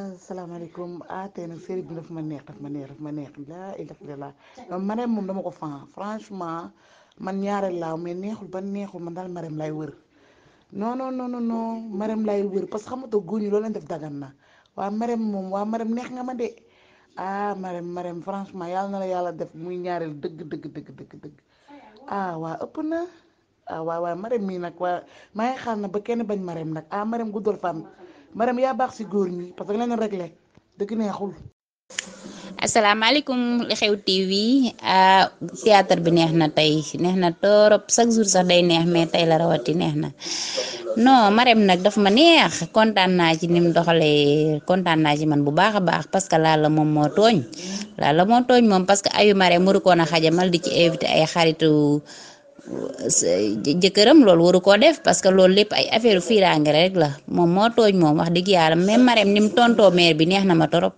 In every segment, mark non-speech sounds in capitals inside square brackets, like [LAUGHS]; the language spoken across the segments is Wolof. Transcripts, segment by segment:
asalaamaaleykum ah tey nag série bi daf ma neex daf ma neex daf ma neex laa ilaha illallah euh, Marème moom dama ko fan franchement man ñaareel laa mais neexul ba neexul man daal Marème lay wër non non non non Marème lay wër parce que xamatoo góor ñi loolu def dagan waa Marème moom waa Marème neex nga ma de ah Marème Marème yàlla na la yàlla def muy ñaareel dëgg dëgg dëgg dëgg dëgg ah, ah nag waa maa ngi xaar na ba kenn bañ Marème nag ah Marème guddal fan maram yaa baax si góor ñi parce que leneen rek la dëgg neexul. asalaamaaleykum li xew TV ah théâtre bi neex na tey neex na torop chaque jour sax day neex mais tey la rawati neex na non Marème nag daf ma neex kontaan naa ci ni mu doxalee kontaan naa ci man bu baax a baax parce que laala moom moo tooñ laala moo tooñ moom parce que ayu Marème waru koon a xajamal di ci invité ay xaritu. jëkkëram loolu waru koo def parce que loolu lépp ay affaire fiiraange rek la moom moo tooñ moom wax dëgg yàlla même Marème ni mu tontoo mère bi neex na ma torop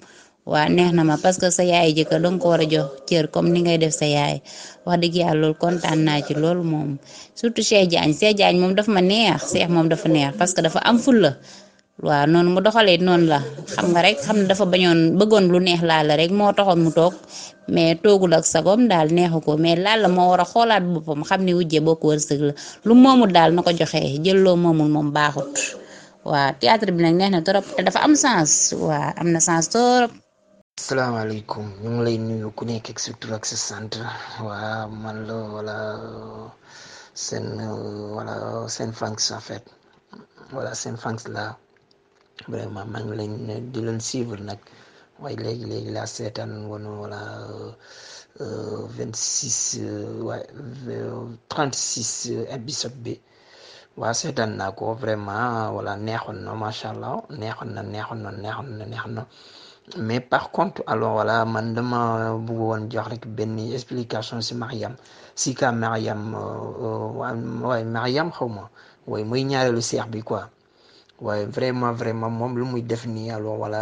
waa neex na ma parce que sa yaay jëkkër danga ko war a jox cër comme ni ngay def sa yaay wax dëgg yàlla lool kontaan naa ci loolu moom surtout Cheikh Diagne Cheikh Diagne moom dafa ma neex seex moom dafa neex parce que dafa am ful la waaw noonu mu doxalee noonu la xam nga rek xam ne dafa bañoon bëggoon lu neex laala rek moo taxoon mu toog mais toogul ak sagom daal neexu ko mais la moo war a xoolaat boppam xam ne wujje bokk wërsëg la lu moomul daal ko joxe jël loo moomul moom baaxut waaw théâtre bi nag neex na trop te dafa am sens waa am na sens trop. asalaamaaleykum ñu ngi lay nuyu ku nekk ak sa tur ak sa la wala seen seen Franks en fait wala seen la. vraiment maa ngi leen di leen nag waaye léegi léegi laa seetaan woon wala euh, euh, vingt six waaye euh, six épisode bi waa seetaan naa ko vraiment wala neexoon na macha allah neexoon na neexoon na neexoon na neexoon na mais par contre alors voilà man dama bëgg woon jox rek benn explication si Mariam si ka Mariam waaye Mariam xaw ma waaye mooy ñaareelu seex bi quoi. waaye vraiment vraiment moom lu muy def nii alors wala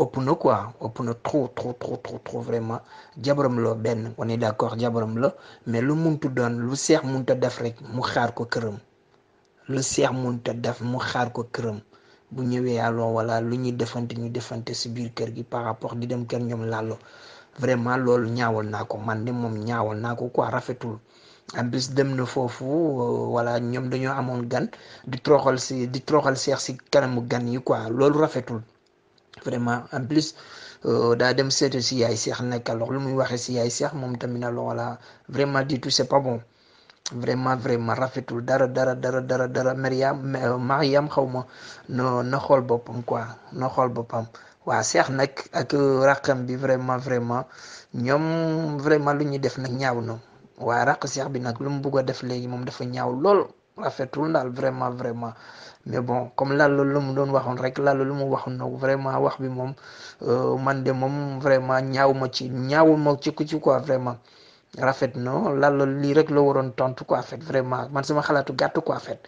ëpp na quoi ëpp na trop trop trop trop trop vraiment jabaram la benn on est d'accord jabaram la mais lu muntu doon lu seex munta def rek mu xaar ko këram lu seex munta def mu xaar ko këram bu ñëwee alors wala lu ñuy defante ñu defante si biir kër gi par rapport di dem kër ñoom làllo vraiment loolu ñaawal naa ko man ni moom ñaawal naa ko quoi rafetul en bis dem na foofu wala euh, ñoom dañoo amoon gan di troxal si di troxal seex si kanamu gan yi quoi loolu rafetul vraiment en plus euh, daa dem seetu si yaay seex nekk alors lu muy waxee si yaay seex moom tamit alors voilà vraiment du tout c'est pas bon vraiment vraiment rafetul dara dara dara dara dara Mariam euh, Mariam xaw ma no na xool boppam quoi na xool boppam waa seex nag ak raqam bi vraiment vraiment ñoom vraiment lu ñuy def nag ñaaw na waaye raq seex bi nag lu mu bugg a def léegi moom dafa ñaaw lool rafetul daal vraiment vraiment mais bon comme Lalla lu mu doon waxoon rek Lalla lu mu waxoon nag vraiment wax bi moom euh, man de moom vraiment ñaaw ma ci ñaaw ma ci ku ci quoi vraiment rafet na Lalla lii rek la waroon tontu quoi fait vraiment man sama xalaatu gàtt quoi fait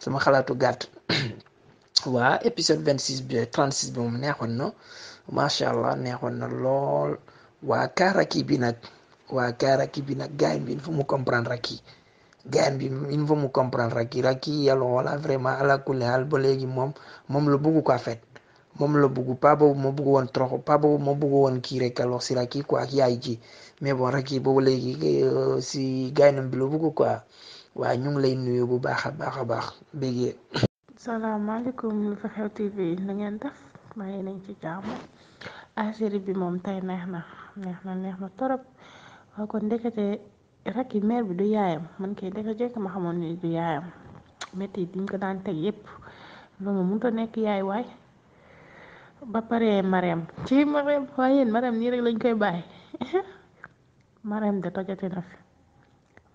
sama xalaatu gàtt [COUGHS] waa épisode vingt six bi trente six bi moom neexoon na macha allah neexoon na lool waa kaara kii bi nag. waa kaa Racky bi nag gars bi il faut mu comprendre Racky gars bi il faut mu comprendre Racky Racky yàlla wala vraiment ala kulli haal ba léegi moom moom la bëgg quoi fait moom la bëgg pas boobu bëgg woon trop pas boobu bëgg woon kii rek alors si Racky quoi ak yaay ji mais bon Racky boobu léegi euh, si gaynam bi la bëgg ko waa ñu ngi lay nuyu bu baax a baax a baax béggee salaamaaleykum lu fi xew tv na ngeen def bàyyi neex na neex na neex waaw kon ndekete rakki mère bi du yaayam man kay ndeke jekk ma xamoon ni yaayam métti diñ ko daan teg yépp loolu nekk yaay waay ba pare mareem ci mareem nii rek lañ koy bàyyi [LAUGHS] mareem de tojate na fi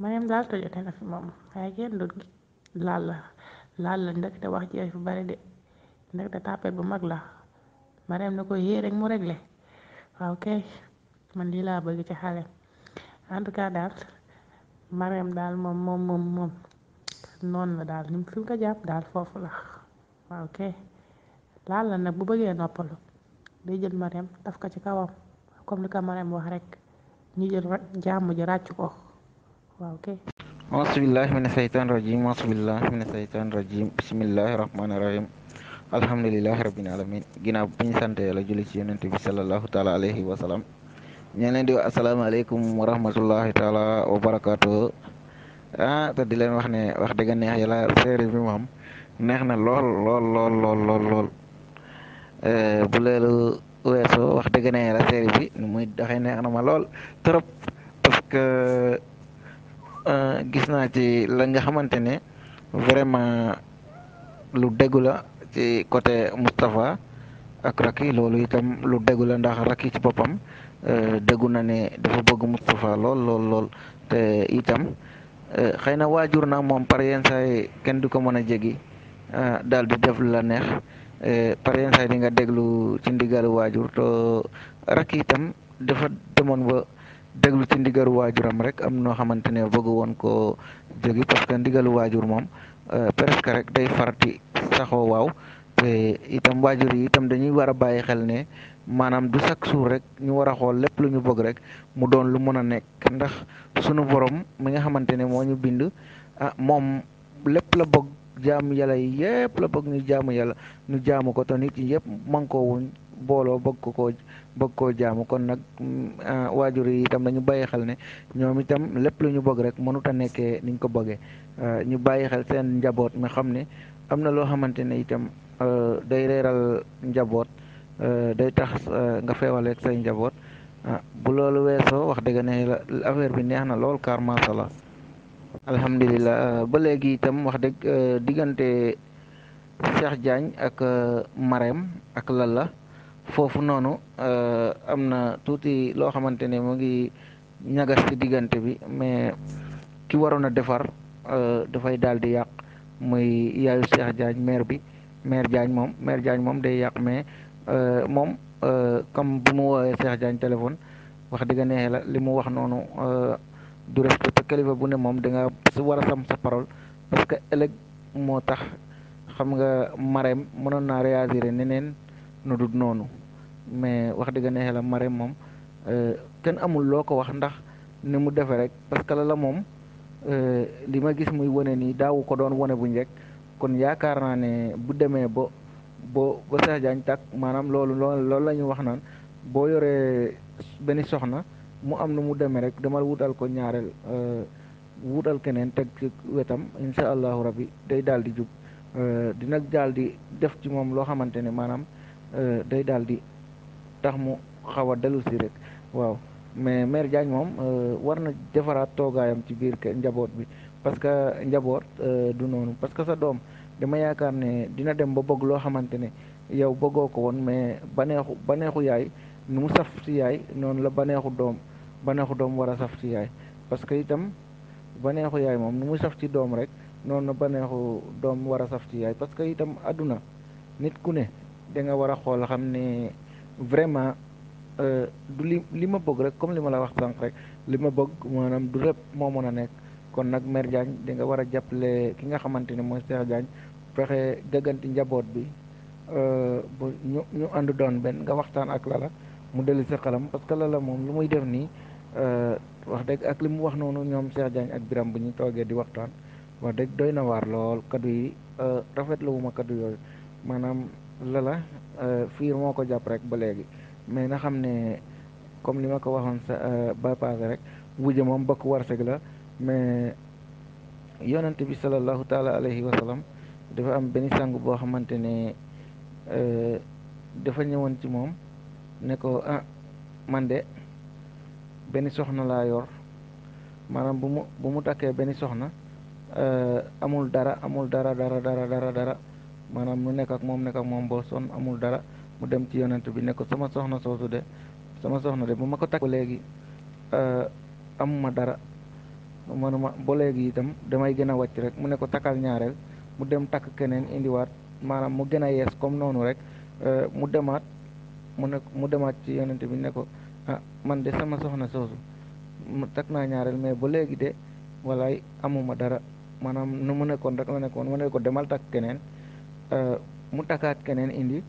mareem daal tojate na fi moom waaye kenn du laal la laal la ndekete wax ji fi bari de ndekete tàppet bu mag la mareem na ko yée rek mu waaw kay man lii laa bëgg ci xale en tout cas daal Marème daal moom moom moom moom noonu la daal ni fi mu ko jàpp daal foofu la waaw kay laal la nag bu bëggee noppalu day jël Marème taf ko ci kawam comme li ko Marème wax rek ñu jël jàmm ji ràcc ko waaw kay masbillahi mina sheytaan rajim masbillahi mina sheytaan rajim bismillahi rahmaani rahim alhamdulillahi rabbil alamin ginnaaw bi ñu sant yàlla julli ci yonente bi sallallahu taala alayhi wa salaam ñu di wax asalaamaaleykum wa rahmatullahi taala wa barakaatu ah te di leen wax ne wax dëgg neex yàlla série bi moom neex na lool lool lool lool lool eh, wax dëgg neex yàlla bi muy doxee neex na ma lool trop parce que ah, naa ci la nga xamante ne vraiment lu déggu la ci côté Moustapha ak Racky loolu itam lu déggu la ndax Racky ci boppam euh, déggu na ne dafa bëgg Moustapha lool lool lool te itam euh, xëy na waajur nag moom par yenn saay kenn du ko mën a jegi euh, daal di def la neex par yenn saay di nga déglu ci ndigalu waajur to itam dafa demoon ba déglu ci ndigalu waajuram rek am noo xamante ne bëgg woon koo jegi parce que ndigalu waajur moom presque rek day farati saxoo waaw itam waajur yi itam dañuy war a bàyyi xel ne maanaam du chaque jour rek ñu war a xool lépp lu ñu bëgg rek mu doon lu mën a nekk ndax sunu borom mu nga xamante ne moo ñu bind ah moom lépp la bëgg jaamu yàlla yi yépp la bëgg ñu jaamu yàlla ñu jaamu ko te nit yi yépp man koo wuñ booloo bëgg ko koo bëgg koo jaamu kon nag mm, ah, waajur yi itam dañu bàyyi xel ne ñoom itam lépp lu ñu bëgg rek mënut a nekkee niñ ko bëggee ah, ñu bàyyi xel seen njaboot mi xam ne am na loo xamante ne itam Euh, day reeral njaboot euh, day tax euh, nga feewaleeg say njaboot ah, bu loolu weesoo wax dëgg ne la affaire bi neex na lool car macha allah alhamdulilah ba léegi itam wax dëgg diggante Cheikh Diagne ak Marème ak Lalla foofu noonu am na tuuti loo xamante ne mu ngi ñagas ci diggante bi mais ki waroon a defar dafay daal di yàq muy yaayu Cheikh Diagne maire bi. maire Diagne moom maire Diagne moom day yàq mais euh, moom euh, comme bu mu woowee Cheikh téléphone wax dëgg neexee la li mu wax noonu euh, du respecté kilifa bu ne moom da nga war a sam sa parole parce que ëllëg moo tax xam nga Marème mënoon naa réagir neneen nu dul noonu mais wax dëgg neexee la Marème moom kenn amul loo ko wax ndax ni mu defee rek parce que la la moom li ma gis muy wane nii daawu ko doon wane bu njëkk kon yaakaar naa ne bu demee ba bo ba Cheikh Diagne tàkk maanaam loolu loolu la ñu wax naan boo yoree benn soxna mu am nu mu demee rek demal wutal ko ñaareel euh, wutal keneen teg ci wetam incha allahu rabbi day daal di jub euh, dina daal di def ci moom loo xamante ne maanaam euh, day daal di tax mu xaw a dellu rek waaw mais mère Diagne moom war na defaraat toogaayam ci biir njaboot bi parce que njaboot euh, du noonu parce que sa doom dama yaakaar ne dina dem ba bëgg loo xamante ne yow bëggoo ko woon mais baneexu baneexu yaay nu mu saf ci yaay noonu la baneexu doom baneexu doom war a saf ci parce que itam baneexu yaay moom nu mu saf ci doom rek noonu la baneexu doom war a saf ci yaay parce que itam àdduna nit ku ne da nga war a xool xam ne vraiment euh, du li li ma bëgg rek comme li ma la wax sànq rek li ma bëgg maanaam du lépp moo mën a nekk kon nag maire Diagne di nga war a jàppale ki nga xamante ni mooy Cheikh Diagne fexe gëgganti njaboot bi euh, bu ñu ñu ànd doon benn nga waxtaan ak lala mu dellu si xelam parce que lala moom lu muy def nii euh, wax dëgg ak li mu wax noonu ñoom Cheikh Diagne ak Biram bu ñu toogee di waxtaan wax dëgg doy na waar lool kaddu yi euh, rafetlu wu ma kaddu yooyu maanaam lala fiir moo ko jàpp rek ba léegi mais na xam ne comme li ma ko waxoon sa ba passé rek wujje moom bokk warseg la mais yonent bi sallallahu taala alayhi wa sallam dafa am benn sang boo xamante ne euh, dafa ñëwoon ci moom ne ko ah man de benn soxna laa yor maanaam bu mu bu mu takkee benn soxna euh, amul dara amul dara dara dara dara dara maanaam mu nekk moom nekk ak moom boo sonn amul dara mu dem ci yonent bi ne sama soxna soosu de sama soxna de bu ma ko takk léegi euh, amuma dara manuma ba léegi itam damay gën a wàcc rek mu ne ko takkal ñaareel mu dem takk keneen indiwaat maanaam mu gën a yees comme noonu rek euh, mu demaat mu ne mu demaat ci yonent bi ne ko ah, man de sama soxna soosu takk naa ñaareel mais ba léegi de walaay amuma dara maanaam nu mu nekkoon rek la nekkoon mu ne ko demal takk keneen euh, mu takkaat keneen indi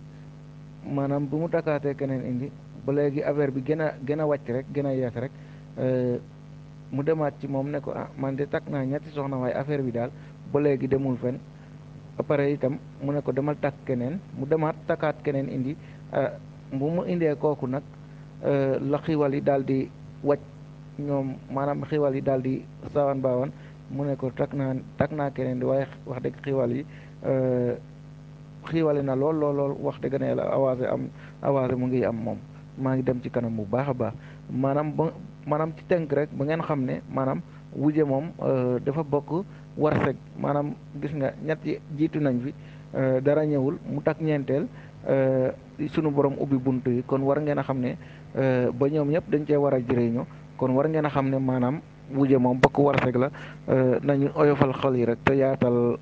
maanaam bu mu takkaatee keneen indi ba léegi affaire bi gën a gën a wàcc rek gën a yees rek euh, mu demaat ci moom ne ko ah man de takk naa ñetti soxna waaye affaire bi daal ba léegi demul fen pare itam mu ne ko demal takk keneen mu demaat takkaat keneen indi euh, bu mu indee kooku nag euh, la xiwal yi daal di wàcc ñoom maanaam xiwal yi daal di sawan baawan mu ne ko takk naa takk naa keneen di waaye wax dëgg xiwal yi euh, xiiwale na lool lool lool wax dëgg ne yàlla avancé am avancé mu ngi am moom maa ngi dem ci kanam bu baax a baax maanaam maanaam ci tënk rek ba ngeen xam ne maanaam wuje moom euh, dafa bokk war warseg maanaam gis nga ñetti jiitu nañ fi euh, dara ñëwul mu tak ñeenteel euh, sunu borom ubbi bunt yi kon war ngeen a xam ne ba ñoom ñëpp dañ cee war a jëriñu kon war ngeen a xam ne maanaam wuje moom bokk warseg la nañu oyofal xol yi rek te yaatal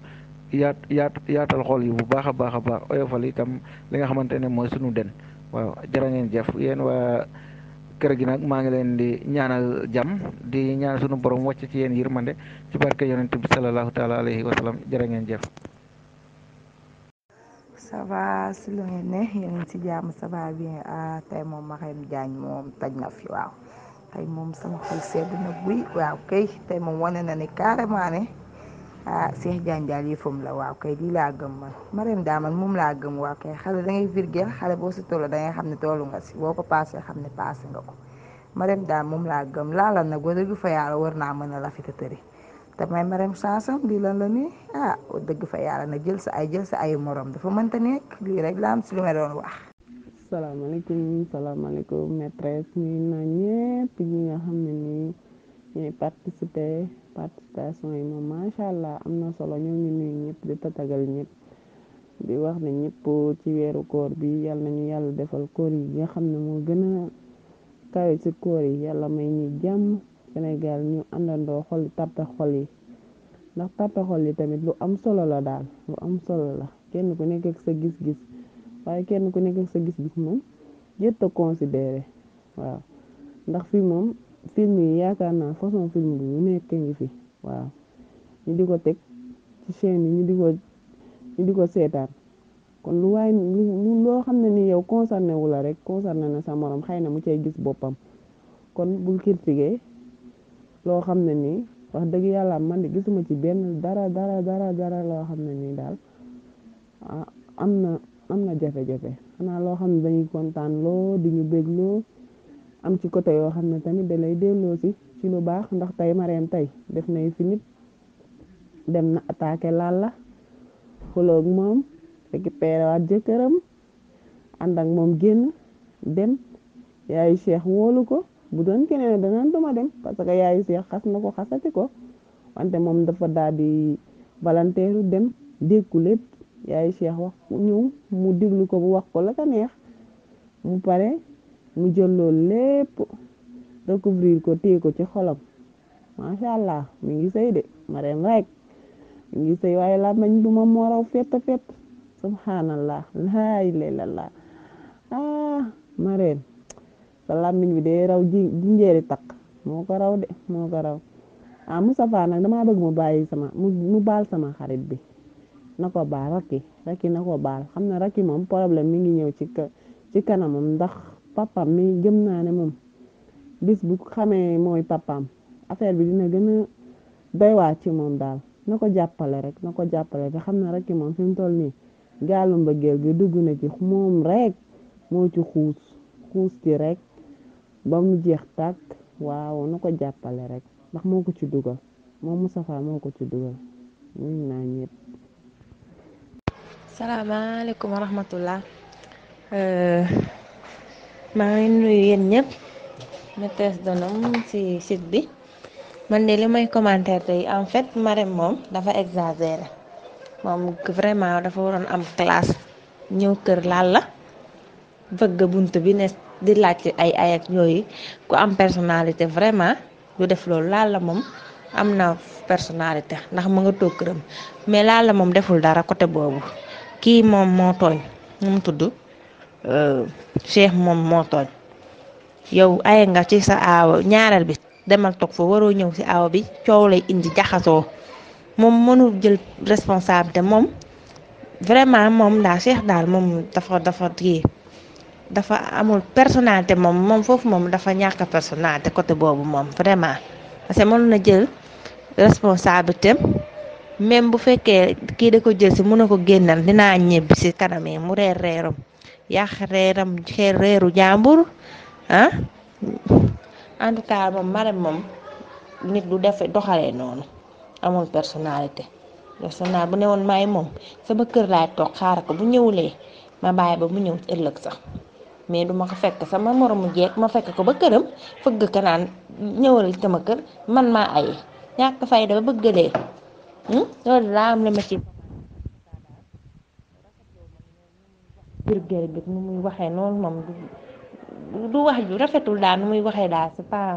yaat yaat yaatal xol yi bu baax a baax a baax oyofal itam li nga xamante ne mooy sunu den waaw jërë ngeen jëf yéen kër gi nag maa ngi leen di ñaanal jàmm di ñaan sunu borom wàcc ci yéen yërmande ci barke yonent bi salallaahu taala alayhi wa sallam jërë ngeen jëf. ça va si lu ngeen ne yéen ngi si jàmm ça va bien ah tey moom Marème Diagne moom taj na fi waaw tey moom sama xol sedd na buy waaw kay tey moom wane na ni ne. ah Cheikh Diagne yi yëfam la waaw kay lii laa gëm man Marème daa man moom laa gëm waaw kay xale da ngay virgule xale boo si toll da ngay xam ne tollu nga si boo ko paasee xam ne paase nga ko Marème daa moom laa gëm laala nag wa dëgg fa yàlla war naa mën a lafita tëri te may Marème sansam lii lan la nii ah dëgg fa yàlla na jël sa ay jël sa ay morom dafa mënta nekk lii rek am si li ma doon wax. salaamaaleykum salaamaaleykum maîtresse ñuy naan ñëpp ñi nga xam ne nii participation yi moom macha allah am na solo ñoo ngi nuyu ñëpp di tatagal ñëpp di wax ne ñëpp ci weeru koor bi yal ñu yàlla defal koor yi nga xam ne moo gën a kawe ci koor yi yàlla may ñu jàmm senegal ñu àndandoo xol tarta xol yi ndax tarta xol yi tamit lu am solo la daal lu am solo la kenn ku nekk ak sa gis-gis waaye kenn ku nekk ak sa gis-gis moom jëtt a considéré waaw ndax fii moom film yi yaakaar naa façon film bi ñu nekk ngi fi waaw ñu di ko teg ci chaîne yi ñu di ko ñu di ko seetaan kon lu waaye lu loo xam ne ni yow concerné la rek concerné na sa morom xay na mu cay gis boppam kon bul critiquer loo xam ne nii wax dëgg yàlla man de gisuma ci benn dara dara dara dara loo xam ne nii daal ah, am na am na jafe-jafe xanaa loo xam ne dañuy kontaan loo di ñu bég loo am ci côté yoo xam ne tamit da lay delloo si ci lu baax ndax tey mareem tey def nay fi nit dem na attaqué Lalla xuloog moom récupéré waat jëkkëram ànd ak moom génn dem yaayu Cheikh woolu ko bu doon keneen danaan duma dem parce que yaayu Cheikh xas na ko xasati ko wante moom dafa daal di volontaire dem déggu lépp yaayu Cheikh wax ñëw mu diglu ko mu wax ko la ka neex mu pare mu jël loolu lépp recouvrir ko téye ko ci xolam macha allah mi ngi sëy de mareem rek mi ngi sëy waaye làmbañ bu ma moo raw fett fett subhanallah laa ilaaha illallah ah mareem sa làmmiñ bi day raw ji jinjeeri takk moo ko raw de moo ko raw ah Moustapha nag damaa bëgg mu bàyyi sama mu baal sama xarit bi na ko baal rakki rakki na ko baal xam ne rakki moom problème mi ngi ñëw ci ci kanamam ndax papam mi gëm naa ne moom bis bu xamee mooy papam affaire bi dina gën a doy waa ci moom daal na ko jàppale rek na ko jàppale te xam na rek moom fi mu toll nii ba mbëggeel gi dugg na ci moom rek moo ci xuus xuus ci rek ba mu jeex tàkk waaw na ko jàppale rek ndax moo ko ci dugal moom Moustapha moo ko ci dugal nuyu naa ñëpp. salaamaaleykum wa maa ngi nuyu yéen ñëpp maîtresse d'un homme ci site bi man de li may commentaire tey en fait Marème moom dafa exagéré moom vraiment dafa waroon am classe ñëw kër laal la bëgg bunt bi ne di laaj ay ay ak yooyu ku am personnalité vraiment du def loolu laal la moom am na personnalité ndax mu nga toog këram mais laal la moom deful dara côté boobu kii moom moo tooñ mu tudd. cheikh moom moo tooñ yow ay nga ci sa aawa ñaareel bi demal toog fa waroo ñëw si aawa bi coow lay indi jaxasoo moom mënul jël responsabilité moom vraiment moom daa cheikh daal moom dafa dafa kii dafa amul personnalité moom moom foofu moom dafa ñàkk personnalité côté boobu moom vraiment parce que mënul na jël même bu fekkee kii da ko jël si mën na ko génnal dina ñibbi si kanamee mu reer reeram yàq reeram xeer reeru jàmbur ah en tout cas moom Marème moom nit du def doxalee noonu amul personnalité personnalité bu ne woon maay moom sama kër laay toog xaar ko bu ñëwulee ma bàyyi ba mu ñëw ci ëllëg sax mais duma ko fekk sama moromu jeeg ma fekk ko ba këram fëgg ka naan ñëwal sama kër man maa aye ñàkk fayda ba bëggalee Hm? loolu laa am la ma ci bi nu muy waxee noonu moom du wax ju rafetul daal nu muy waxee daal c'est pas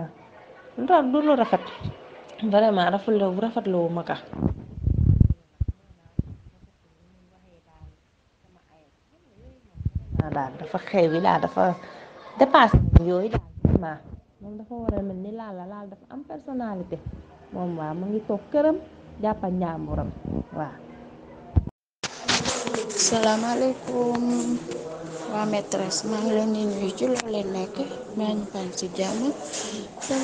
du lu rafet vraiment rafetlu rafetlu wu ma ka daal dafa xew yi daal dafa dépassé yooyu daal moom dafa war a mel ni laal laal dafa am personnalité moom waa mu ngi toog këram jàppal njàmburam waaw. waa maîtresse maa ngi leen ci loo nekk maa ngi ci jàmm ça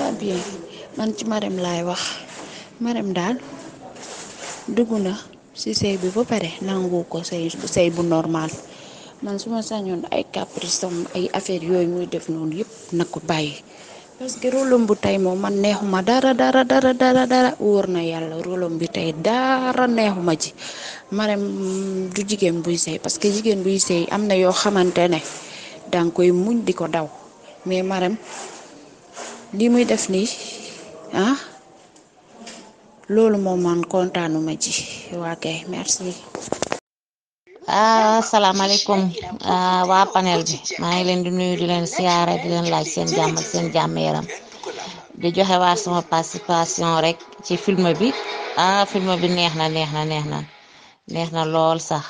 man ci Marème laay wax Marème daal dugg na ci sëy bi ba pare nangu ko sëy sëy bu normal man su ma sañoon ay caprice ay affaire yooyu muy def noonu yépp na ko bàyyi. parce que rôlam bu tey moom man neexuma dara dara dara dara dara wóor na yàlla rôlam bi tey dara neexuma ci Marème mm, du jigéen buy sëy parce que jigéen buy sëy am na yoo xamante ne danga koy muñ di ko daw mais Marème li muy def nii ah loolu moom man kontaanuma ci waa kay merci asalaamaaleykum ah, ah, waa panel bi maa ngi leen di nuyu di leen siyaare di leen laaj seen jàmm seen jàmm yaram di joxe waa sama participation rek ci film bi ah film bi neex na neex na neex na neex na lool sax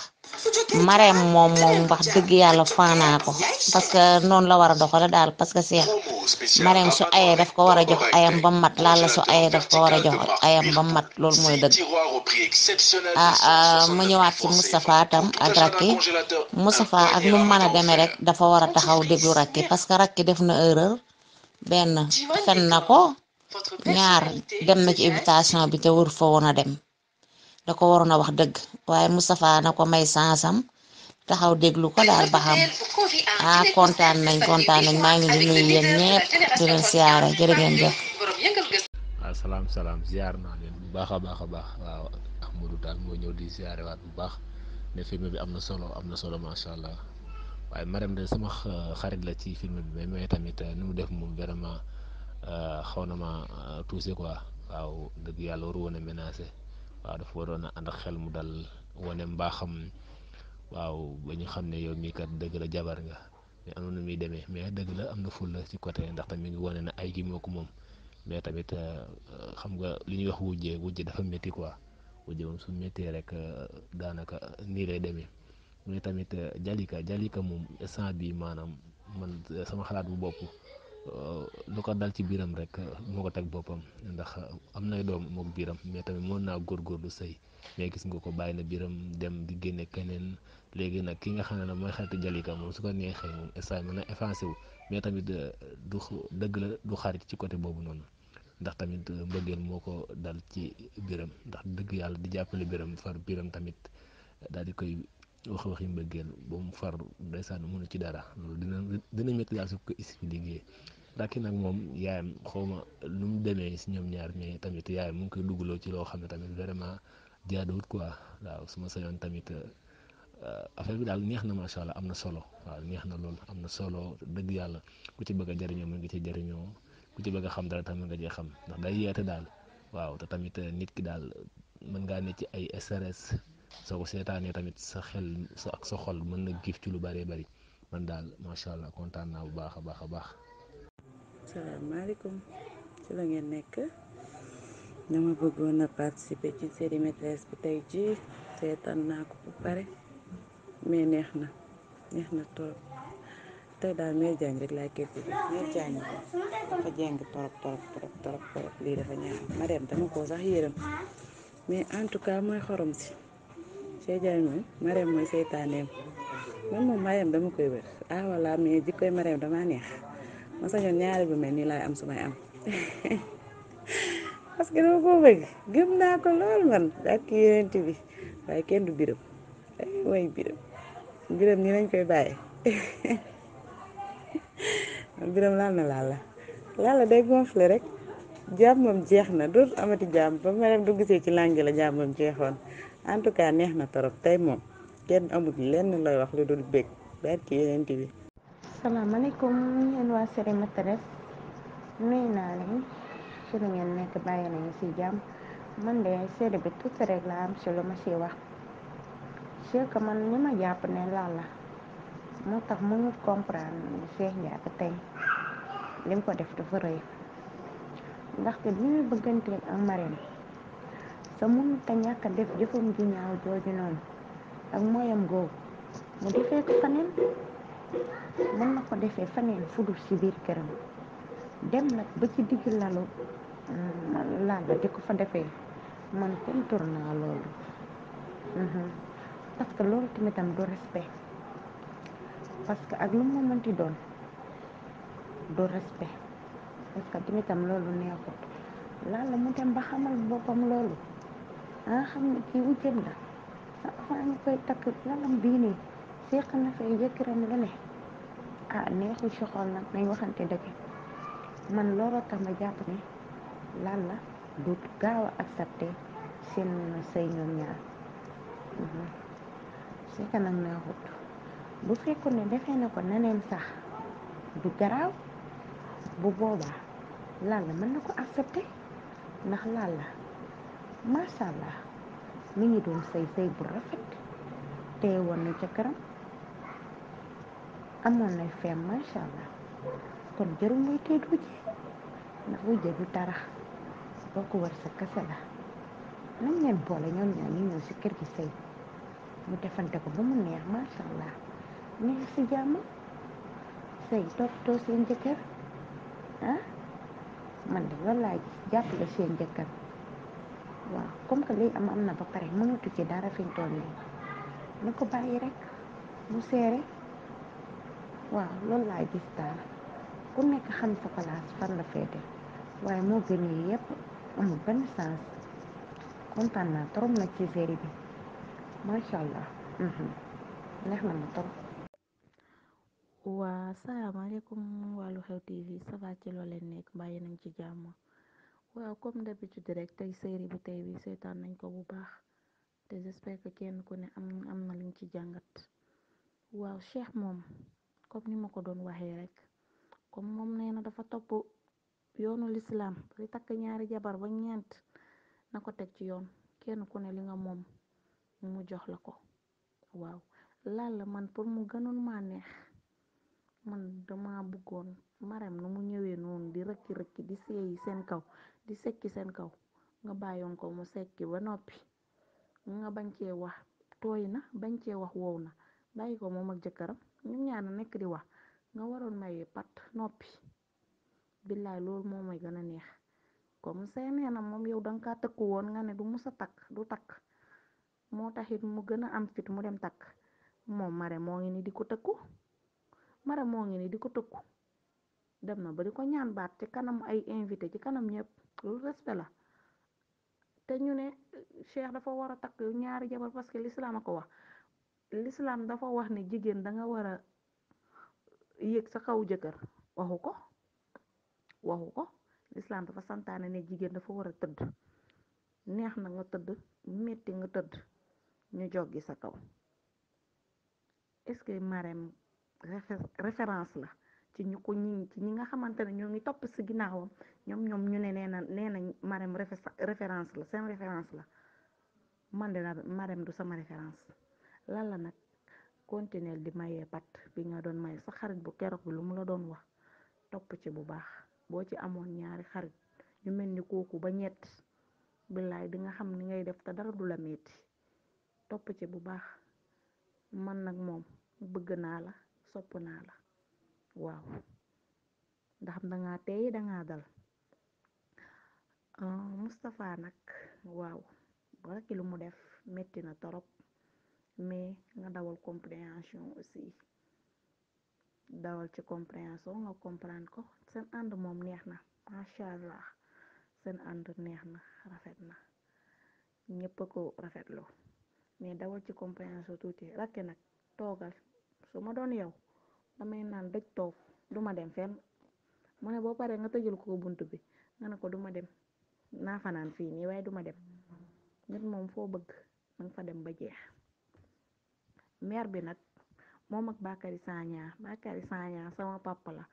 Marème moom moom wax dëgg yàlla naa ko parce que noonu la war a doxale daal parce que seex ma reem su ayee daf ko war a jox ayam ba mat laala su ayee daf ko war a jox ayam ba mat loolu mooy dëgg ah, ah mu ñëwaat ci Moustapha tam ak rakki Moustapha ak nu mën a demee rek dafa war a taxaw déglu rakki parce que rakki def na erreur benn fen na ko ñaar dem na ci invitation bi te wër fa woon a dem da ko waroon wax dëgg waaye Moustapha na ko may sansam taxaw déglu ko daal ba xam ah kontaan nañ kontaan nañ maa ngi di nuyu yéen ñëpp di ah, salaam salaam ziar naa leen bu baax a baax a baax waaw Amadou Tall moo ñëw di ziare waat bu baax ne film bi am na solo am na solo macha allah waaye Marème de sama xarit la ci film bi mais tamit euh, nu mu def moom vraiment euh, xaw na ma euh, touché quoi waaw dëgg yàlla waru woon a menacé waaw dafa waroon a ànd ak xel mu dal wane mbaaxam. waaw ba ñu xam ne yow mii kat dëgg la jabar nga mais am na muy demee mais dëgg la am na fulla ci côté ndax tamit mi ngi wane na ay gi moo ko moom mais tamit euh, euh, xam nga lu ñuy wax wujje wujje dafa métti quoi wujje moom su méttee rek euh, daanaka nii lay demee mais tamit Jalika Jalika moom instant bi maanaam man sama xalaat bu bopp. lu ko dal ci biiram rek euh, moo ko teg boppam ndax euh, am na nay doom mook biiram mais tamit mën naa góorgóorlu sëy mais gis nga ko bàyyi na biram dem di génne keneen léegi nag ki nga xam ne mooy xaritu Jalika moom su ko neexee moom instant mën na mais tamit euh, du dëgg du xarit ci côté boobu noonu ndax tamit mbëggeel moo ko dal ci biiram ndax dëgg yàlla di jàppale biiram far biiram tamit dal di koy wax waxi mbëggeel ba mu far ndeysaan mënu ci dara loolu dina dina métti daal su ko is liggéey rakki nag moom yaayam xaw ma lu mu demee si ñoom ñaar mais tamit yaayam mu ngi koy dugaloo ci loo xam ne tamit vraiment jaaduwut quoi waaw su ma sañoon tamit euh, affaire bi daal neex na macha am na solo waaw neex lool am na solo dëgg yàlla ku ci bëgg a jëriñoo mu ngi ci jëriñoo ku ci bëgg a xam dara tamit nga cee xam ndax day yeete daal waaw tamit euh, nit ki daal mën ngaa ne ci ay SRS soo seetaanee tamit sa xel sa ak sa xol mën na gif ci lu bëree bari man daal macha allah kontaan naa bu baax a baax a baax. salaamaaleykum ci la ngeen nekk dama bëggoon a participer ci série maîtresse bi tey ci seetaan naa ko bu pare mais neex na neex na trop tey daal Mère Diagne rek laay critiqué Mère dafa jàng torop dama koo sax yéram mais en tout cas mooy xorom si Cheikh Diagne moom Marème mooy seytaaneem man moom Marème dama koy wër ah voilà mais jikkoy Marème damaa neex ma sañoon ñaari bu mel ni laay am su may am [LAUGHS] parce que dama koo bëgg gëm naa ko lool man ak yonent bi waaye kenn du biram way biram biram ñi lañ koy bàyyi [LAUGHS] biram laal na laal la laal la day gonfle rek jàmmam jeex na dootul amati jàmm ba ma dem dugg see ci làng la jàmmam jeexoon en tout neex na torop tey moom kenn amul lenn looy wax lu dul bëgg barki yonent bi asalaamaaleykum yéen waa Série Maîtresse nuyu naa leen ci lu ngeen nekk bàyyi nañu ci jàmm man de série bi tuuti rek laa am ci lu ma ci wax c'est que man ni ma jàpp ne Lalla moo tax mu ngi comprendre ne Cheikh Ndiaye tey li mu ko def dafa rëy ndaxte bi muy bëggantee ak Marème sa mun te ñàkk a def jëfam ju ñaaw jooju noonu ak mooyam googu mu defee ko faneen mën na ko defee faneen fudul ci biir këram dem nag ba ci digg lalu mm, lal ba di ko fa defee man kontur naa loolu mm-hmm. parce que loolu tamitam du respect parce que ak lu mu mënti doon du respect parce que tamitam loolu neexut laal la mu dem ba xamal boppam loolu ah xam ne kii wujjam la ah faa ngi koy takk lalam bii nii seeq na fee jëkkëram lu ne ah neexul ci xol nag nañ waxante dëgg man looloo tax ma jàpp ne lan la du gaaw a accepté seen sëy ñoom ñaar mhm. c'est que nag neexut bu fekkoon ne defee na ko neneen sax du garaaw bu boobaa lan la mën na ko accepté ndax lan la mu ngi doon sëy sëy bu rafet te woon na jëkkëram amoon nay feem macha allah kon jëru muy teyit wujje ndax wujje du dara boo ko war sa kase la nañ leen boole ñoom ñaar ñu ñëw si kër gi sëy mu defante ko ba mu neex macha allah neex si jàmm sëy toppatoo seen jëkkër ah man de loolu laa gis jàppale seen jëkkër waaw comme que lii am am na ba pare mënatu ci dara fi ñu toll ko bàyyi rek mu seere waaw loolu laa gis daal ku nekk xam sa place fan la féete waaye moo gën yi yëpp amul benn sens kontaan naa trop nag ci série bi macha allah mhm. neex na ma trop. waa salaamaaleykum wàllu xew tv ça ci loo leen nekk mbaa nañ ci jàmm waaw comme d'habitude rek tey série bu tey bi seetaan nañ ko bu baax te j'espère kenn ku ne am am na luñ ci jàngat waaw Cheikh moom. comme ni ma ko doon waxee rek comme moom nee na dafa topp yoonu lislaam li takk ñaari jabar ba ñeent na ko teg ci yoon kenn ku ne li nga moom mu jox la ko waaw la man pour mu gënoon maa neex man dama bëggoon Marème nu mu ñëwee noonu di rëkki rëkki di seeyi seen kaw di sekki seen kaw nga bàyyoon ko mu sekki ba noppi nga bañ cee wax tooy na bañ cee wax wow na bàyyi ko moom ak jëkkëram ñoom ñaar nekk di wax nga waroon maye pat noppi billaay loolu moo may gën a neex comme say nee na moom yow danga kaa tëkku woon nga ne du musa takk du takk moo taxit mu gën a am fit mu dem takk moom mare moo ngi nii di ko tëkku mare moo ngi ni di ko tëkku dem na ba di ko ñaan baat ci kanam ay invité ci kanam ñëpp loolu respect la te ñu ne Cheikh dafa war a takk ñaari jabar parce que l'islam a ko wax lislaam dafa wax ne jigéen danga war a yéeg sa kaw jëkkër waxu ko waxu ko lislaam dafa santaane ne jigéen dafa war a tëdd neex na nga tëdd metti nga tëdd ñu joggi sa kaw est-ce que Marème référence la ci ñu ko ñi ci ñi nga xamante ne ñoo ngi topp si ginnaawam ñoom ñoom ñu ne nee na nee na Marème référence la seen référence la man de Marème du sama référence lan la nag continuer di mayee pat bi nga doon may sa xarit bu keroog bi lu mu la doon wax topp ci bu baax boo ci amoon ñaari xarit ñu mel ni kooku ba ñett billaay di nga xam ni ngay def te dara du metti topp ci bu baax man nag moom bëgg naa la sopp naa la waaw ndax danga teey danga dal ah, Moustapha nag waaw rekk lu mu def metti na torop mais nga dawal compréhension aussi dawal ci compréhension nga comprendre ko seen ànd moom neex na macha allah seen ànd neex na rafet na ñëpp a ko rafetlu mais dawal ci compréhension tuuti rakke nag toogal su ma doon yow damay naan dëj toog duma dem fenn mu ne boo paree nga tëjal ko bunt bi nga ne ko duma dem naa fanaan fii nii waaye duma dem nit moom foo bëgg nga fa dem ba jeex meer bi nag moom ak Bakary Sagna Bakary Sagna sama papa la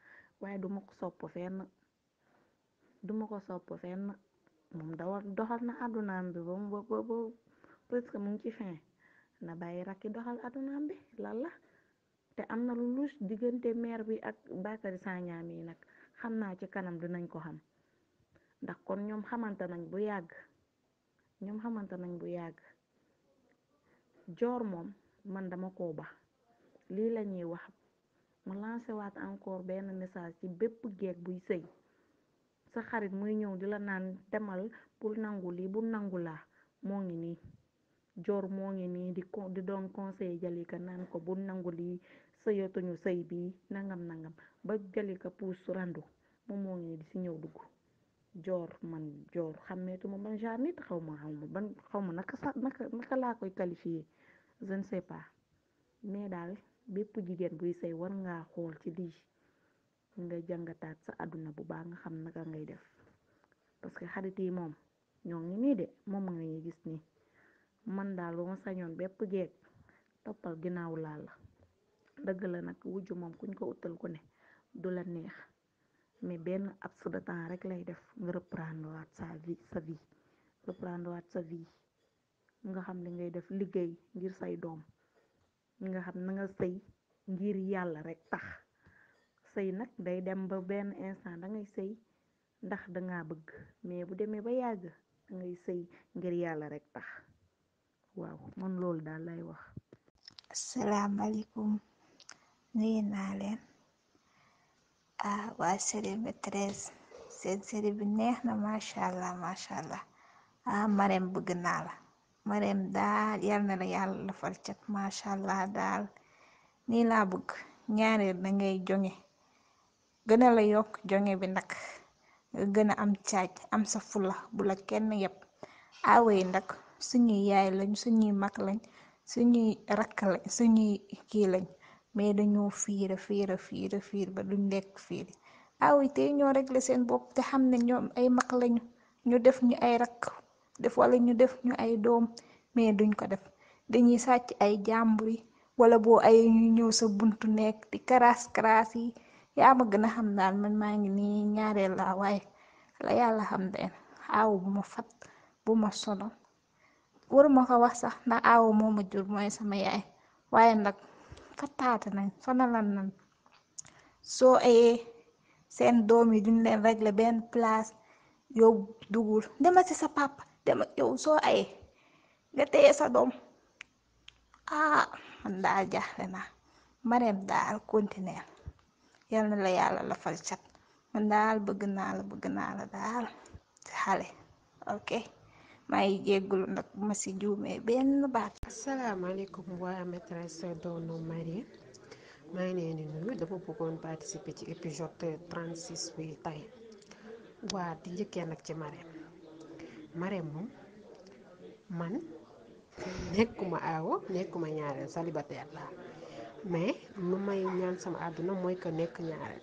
waaye duma ko sopp fenn duma ko sopp fenn moom dawal doxal na àddunaam bi ba mu ngi ci fin na bàyyi rakki doxal bi lan la te am na lu luus diggante meer bi ak Bakary Sagna yi nag xam naa ci kanam dinañ ko xam ndax kon ñoom xamante nañ yàgg ñoom xamante nañ bu yàgg joor moom man dama koo ba lii la ñuy wax mu lancé waat encore benn message ci bépp geeg buy sëy sa xarit muy ñëw di la naan demal pour nangu lii bu nangu laa moo ngi nii joor moo ngi nii di di doon conseil Jalika naan ko bu nangu lii sëyatuñu sëy bi nangam nangam ba Jalika puus randu moom moo ngi nii di si ñëw dugg joor man joor xàmmeetuma ban genre nit xaw ma xaw ma ban xaw ma naka sa naka laa koy qualifier je ne pas mais daal bépp jigéen buy sëy war ngaa xool ci lii nga jàngataat sa àdduna bu baax nga xam naka ngay def parce que xarit yi moom ñoo ngi nii de moom nga ñuy gis nii man daal ba ma sañoon bépp jeeg toppal ginnaaw laal la dëgg la nag wujju moom kuñ ko utal ku ne du la neex mais benn abs de rek lay def nga reprendre waat sa vie sa vie reprendre sa vie nga xam li ngay def liggéey ngir say doom nga xam na nga sëy ngir yàlla rek tax sëy nag day dem ba benn instant dangay sëy ndax dangaa bëgg mais bu demee ba yàgg dangay sëy ngir yàlla rek tax waaw man loolu daal lay wax asalaamaaleykum nuyu naa leen ah waa série maîtresse seen série bi neex na macha allah macha allah ah Marème bëgg naa la mareem daal yal na la yàlla defal cat macha allah daal nii laa bëgg ñaareel da ngay jonge gëna la yokk jonge bi nag nga gën am caaj am sa fula bu la kenn yépp awey nag suñuy yaay lañ suñuy mag lañ suñuy rakk lañ suñuy kii lañ mais dañoo fiira fiira fiira fiir ba du lekk fiir awey te ñoo régler seen bopp te xam ne ñoom ay mag lañu ñu def ñu ay rakk def wala ñu def ñu ay doom mais duñ ko def dañuy sàcc ay jàmbur wala boo ay ñu ñëw sa buntu nekk di karaas karaas yi yaa ma xam daal man maa ngi nii ñaareel laa waaye la yàlla xam den aaw bu ma fat bu ma sonal waruma ko wax sax ndax aaw moo ma jur mooy sama yaay waaye nag fattaate nañ sonalan nañ soo ayee seen doom yi duñ leen régler benn place yow dugul dema ci sa papa dem ak yow soo aye nga téye sa doom ah man daal jaaxle naa mareem daal continuer yal na la yàlla la fal cat man daal bëgg naa la bëgg naa daal ci xale ok maa ngi jéggulu nag bu ma si juumee benn baat asalaamaaleykum waa maîtresse d'un homme marié maa ngi leen di nuyu dafa bëggoon participer ci épisode 36 bi tey waa di njëkkee nag ci mareem Marème moom man nekkuma aawo nekkuma ñaareel célibataire la mais lu may ñaan sama àdduna mooy que nekk ñaareel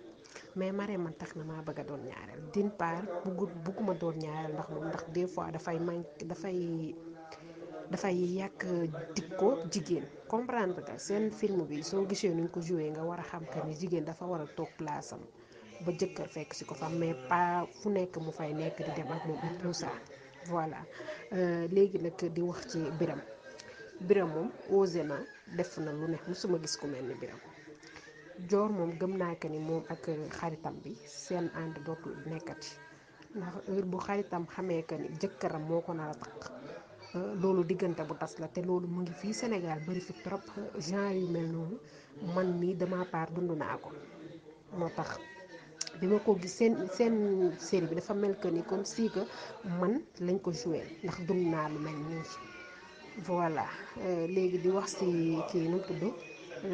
mais Marème man tax na maa bëgg a doon ñaareel d'une part bugg bugguma doon ñaareel ndax moom ndax des fois dafay manque dafay dafay yàq dikko jigéen comprendre que seen film bi soo gisee nuñ ko joué nga war a xam que ni jigéen dafa war a toog place ba jëkkër fekk si ko fa mais paa fu nekk mu fay nekk di dem ak moom tout ça voilà euh, léegi nag di wax ci biram biram moom osé na def na lu ne musuma gis ko mel ni biram joor moom gëm naa ko ni moom ak xaritam bi seen ànd dootul nekkati ndax bu xaritam xamee ko ni jëkkëram moo ko nar a takk euh, loolu diggante bu tas la te loolu mu ngi fii Sénégal bari fi trop genre yu mel noonu man mii dama part dund naa ko moo tax bi ma ko gis seen seen série bi dafa mel que ni comme si que man lañ ko joué ndax dund naa lu mel nii voilà euh, léegi di wax si kii nu mu tudd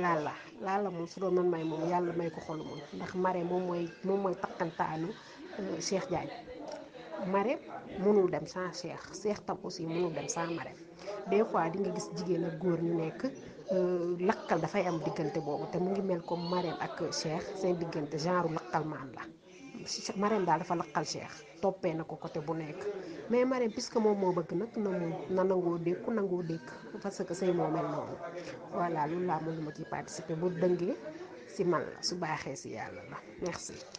Lalla Lalla moom su doon man may moom yàlla may ko xolu ndax Mare moom mooy moom mooy takkantaanu euh, Cheikh Diagne Mare mënul dem sans Cheikh Cheikh tam aussi mënul dem sans Mare des fois gis jigéen ak góor ñu nekk. Euh, lakkal dafay am diggante boobu te mu ngi mel comme Marème ak Cheikh seen diggante genre lakkal maan la Marème daal dafa lakkal Cheikh toppee na ko côté bu nekk mais Marème que moom moo bëgg nag na mu na nangoo dékku nangoo dékk parce que sëy moo mel noonu voilà loolu laa mën lu ma ciy participer bu dëngee si man la su baaxee si yàlla la merci